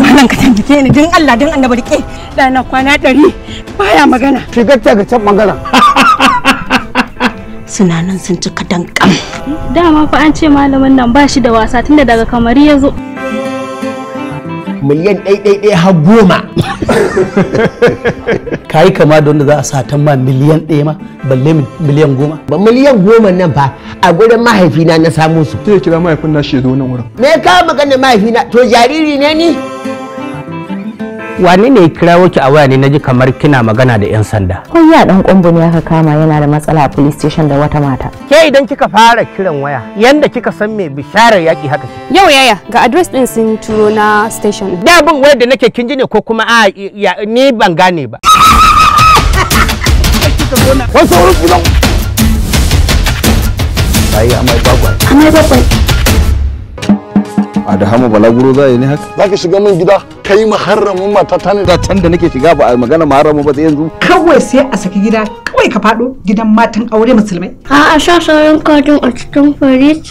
Malam ka taimake ni don Allah dan annabi rike ɗana kwana ɗari baya magana. Shigar ta ga can magana. Suna nan sun cika danƙam. Dama fa an ce malamin nan ba shi da wasa tunda daga kamari ya zo. miliyan ɗaiɗaiɗai har goma ka yi kama da wanda za a satan ma miliyan ɗaya ma balle miliyan goma ba miliyan goma nan ba a gurin mahaifina na samu su sai kira mahaifin na shi zo nan wurin me ka magana mahaifina to jariri ne ni wane ne kira kirawo ki a waya ne naji kamar kina magana da yan sanda ko ya dan kumbu ne aka kama yana da matsala a police station da wata mata ke idan kika fara kiran waya yanda kika san me bisharar yaki haka yau yaya ga address din sun turo na station da bin waya da nake kin ji ne ko kuma a ni ban gane ba Ayi, amai bakwai amai bakwai a da hama balaguro za yi ne haka za ki shiga min gida kai mata ta ne da can da nake shiga ba a magana muharramin ba sai yanzu kawai sai a saki gida kawai ka fado gidan matan aure musulmai a a sha sauran kajin a cikin firij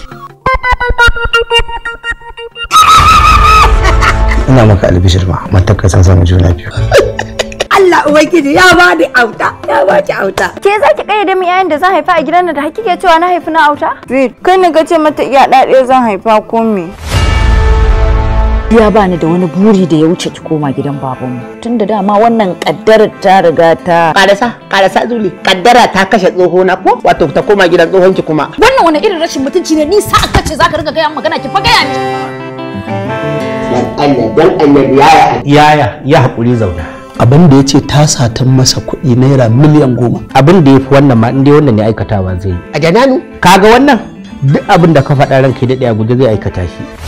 ina maka albishir ma matakka san samun juna biyu Allah Ubangiji ya ba ni auta, ya ba ki auta. Ke za ki kayyade mu yayin da zan haifa a gidan da hakike cewa na haifi na auta? Zai, kai ne ka ce mata iya ɗaɗe zan haifa ko me? ya bani da wani buri da ya wuce ki koma gidan baban mu. tun da dama wannan kaddara ta riga ta karasa karasa zuli kaddara ta kashe tsoho na ko wato ta koma gidan tsohon ki kuma wannan wani irin rashin mutunci ne ni sa aka ce zaka riga gaya magana ki fa gaya ni dan Allah dan annabi yaya yaya ya hakuri zauna abin da ya ce ta satan masa kuɗi naira miliyan goma abin da ya fi wannan ma inda wannan ne aikatawa zai yi a jananu kaga wannan duk abin da ka faɗa ranka ya daɗe a guje zai aikata shi